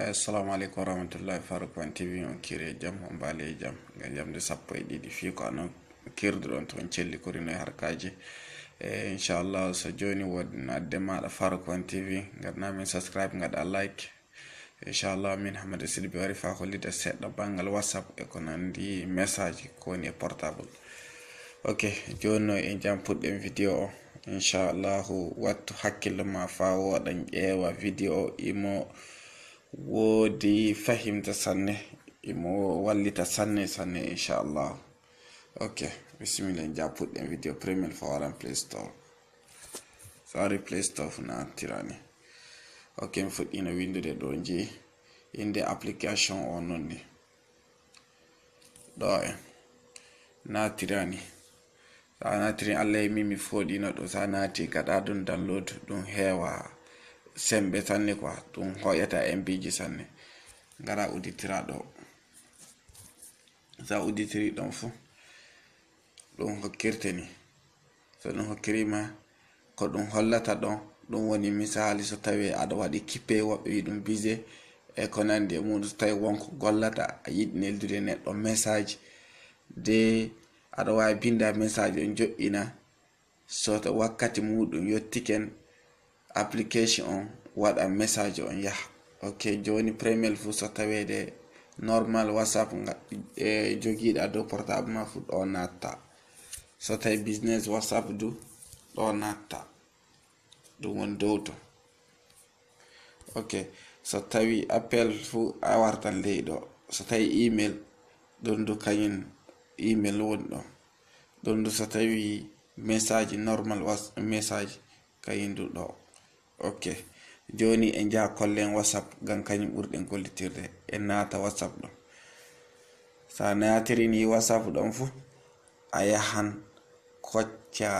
Eh, assalamu aleykum warahmatullahi farouk pan tv on kiri jaam on mbaali e jaam ga jamde sappo e ɗiɗi fii ko ano kirdu ɗon toon celli korino e harkaji e eh, inchallah so joni wodi no adde maɗa farouk pan tv gadana min subscribe gaɗa like inchallah min hamada sidibi wari fa hollida seɗɗo banggal whatsapp e ko nandi message kowoni e portable ok joninno e jam puɗɗen vidéo o inchallahu wattu hakkille ma fa woɗan ƴeewa vidéo imo woodi fahimta sanne imo wallita sanne sanne inchallah ok bisimilla ja puɗɗen video premier fawaran play store sori play store fu natirani ok mi fuɗɗino windude ɗo je inde application o nonni ɗo en natirani sa natiri allah e min mi foɗino ɗo sa nati gaɗa ɗum download ɗum hewa sembe sanne quoi ɗum hoƴata mbiji sanne gara uditira ɗo sa uditiri ɗon fu ɗum hokkirte ni so ɗum hokkirima ko ɗum hollata ɗon ɗum woni misali so tawi aɗa waɗi kippe woɓɓe wi ɗum bise e ko nandi e muɗum so tawi wonko gollata a yiɗi neldude neɗɗo message de aɗa wawi binda message on joƴƴina so wakkati muɗum yettiken application on waɗa message on yaha ok joni premier fu so tawede normal whatsapp e jogiɗa dow portable ma fu ɗo natta so tawi business whatsapp du ɗo natta ɗum woni dow to ok so tawi appel fu a wartan ley ɗo so tawi email ɗon du kañum email woni ɗon ɗon du so tawi message normal message kañum du ɗo ok joni e jaha kollen whatsapp gam kañum ɓurɗen kollitirde en e nata whatsapp ɗon sa natirini whatsapp ɗon fuu a yahan kocca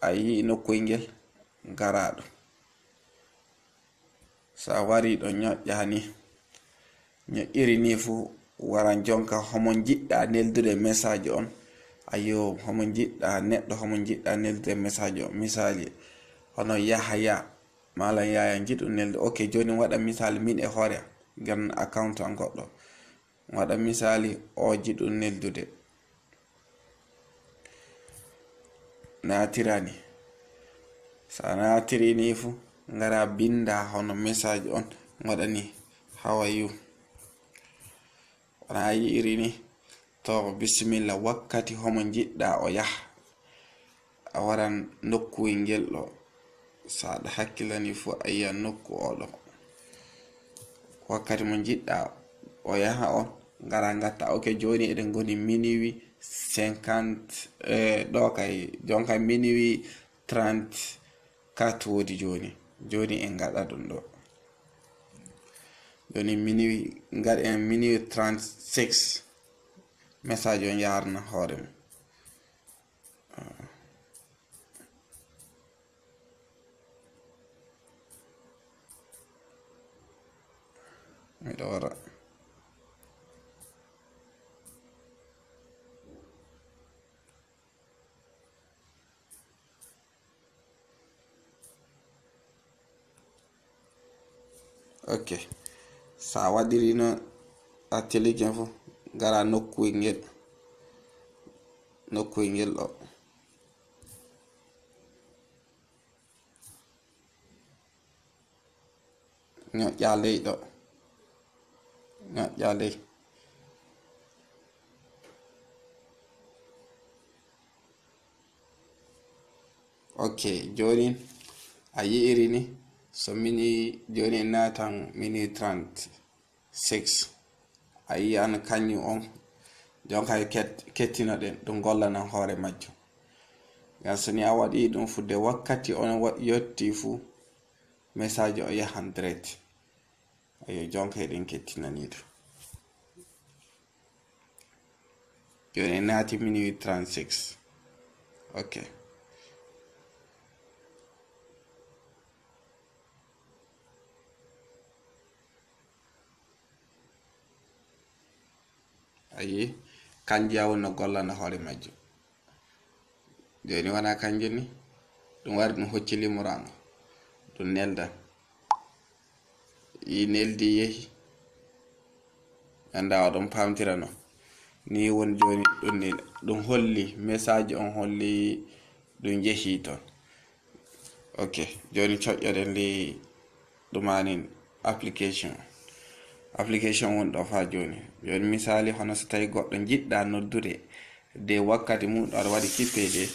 a yi nokkoyngel gara ɗum sa wari ɗo ñoƴƴani ñoƴƴiri ni fuu waran jonka homon jiɗɗa neldude message on ayo homo jiɗɗa neɗɗo homo jiɗɗa neldude message on misali hono yaha yaa mala yaya jiɗu nelde ok joni waɗa misali min e hoore gern account an goɗɗo waɗa misali o jiɗu neldude natirani sa natirini fu gara binda hono message on waɗani hawayu wona yi'irini to bisimilla wakkati homo jiɗɗa o yaha a waran nokkuyel ngel ɗo saɗa hakkilani fu a yiya nokku oɗo wakkati mo jiɗɗa o yaha on ngara gatta oke joni eɗen goni minuit 50 eh, ɗo kay jonka minuit 34 wodi joni joni en gaɗa ɗum ɗo joni minuit gaɗen eh, minuit 36 message on yarna hoore mum இங்கே வரேன் ઓકે સાવાદીરીનો આથેલી ક્યાં ફો ગારા નોકુ ઇંગેલ નોકુ ઇંગેલ લો યાલે દો ya dai ok joni a yi iri ne so mini joni natan mini 36 a yi an kanyu on jonka e kettina den dum gollanan hore majjum gam so ni a waɗi ɗum fu de wakkati on yotti fu message o yahan direct eyo jonka eɗen kettinaniɗo joni en natimini 36 ok ayi kanje wonno na hoore majju joni wona kanje ni ɗum wari ɗum hoccilimo rango ɗum neldan neldi yehi annda o ɗon pamtira non ni woni joni ɗum holli message on holli ɗum yehi ton ok joni coƴƴoɗen ndi ɗumani application application woni ɗo fa joni joni misali hono so tawi goɗɗo jiɗɗa noddude de wakkati mum ɗo aɗa waɗi kippede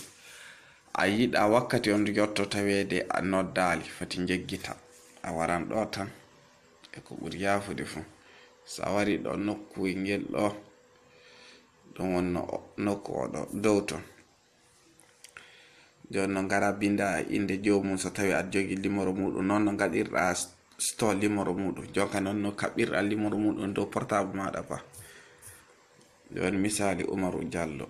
a yiɗa wakkati on yotto tawede a noddali foti jeggita a waran ɗo tan e ko ɓuri yaafude fuu so a wari ɗo nokkuwi ngel ɗo ɗum wonno nokku oɗo dow ton joni no ngara binda inde jomum so tawi aɗa jogi limoro muɗum noon no gaɗirɗa store limoro muɗum jonka noon no kaɓɓirɗa limoro muɗum dow portable maɗa ba joni misali umaru diallo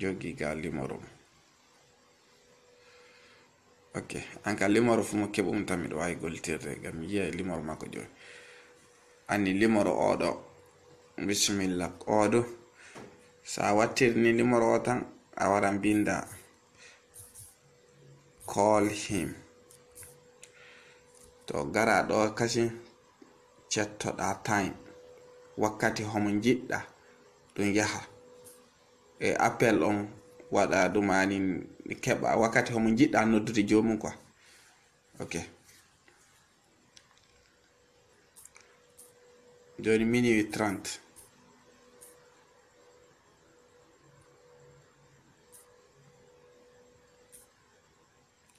jogi ga limoro mum ok en ka limoro fu mo keɓum tan miɗo wawi gollitirde gam yiya e limoro makko joni anni limoro oɗo bisimilla oɗo sa a wattirini limoro o tan a wara binda call him to gara ɗo kasi cettoɗa time wakkati homo jiɗɗa ɗum yaha e appel on waɗa dumani keɓa wakkati homo jiɗɗa noddude jomum quoi ok joni minuit 30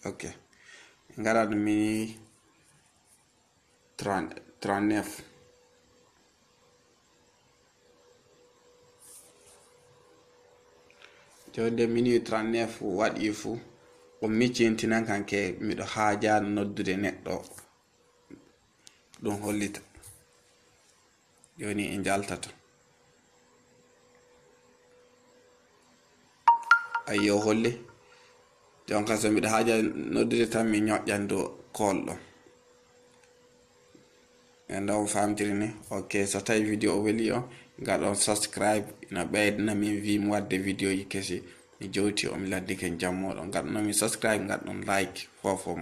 ok gara ɗo minuit 39 jonde minuit 39 waɗi fuu on miccintinan kanke miɗo haaja noddude neɗɗo ɗum hollita joni e jaltata ayyo holli jonka so miɗo haaja noddude tan mi ñoƴƴan do kool ɗo e ndawo famtiri ni ok so tawi video o weeli o ngal on subscribe ina ɓeydana wimi wadde vidéo ji kesi mi jowti omi laddi ken jammoɗo ngal noon mi subscribe ngal on like fofo